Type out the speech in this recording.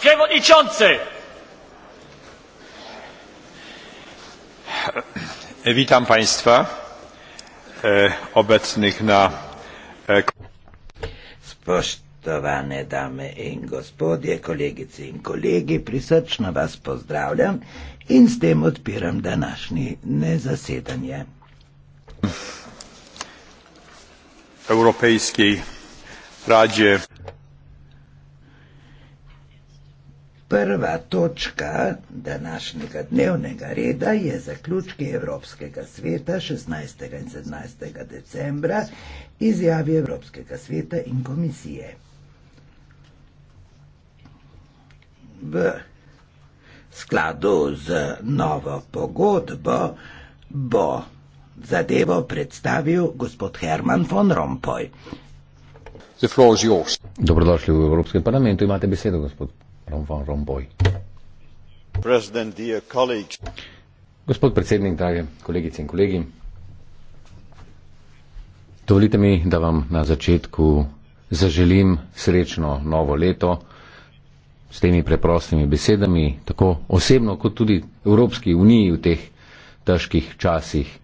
przewodniczący! Witam Państwa e, obecnych na e, Spoštovane dame in gospodje, kolegice in kolegi, prisrčno vas pozdravljam in s tem odpiram današnji nezasedanje. Evropejski radje. Prva točka današnjega dnevnega reda je zaključki Evropskega sveta 16. in 17. decembra izjavi Evropskega sveta in komisije. V skladu z novo pogodbo bo zadevo predstavil gospod Herman von Rompuy. Dobrodošli v Evropskem parlamentu, imate besedo, gospod gospod predsednik drage kolegice in kolegi dovolite mi da vam na začetku zaželim srečno novo leto s temi preprostimi besedami tako osebno kot tudi evropski uniji v teh težkih časih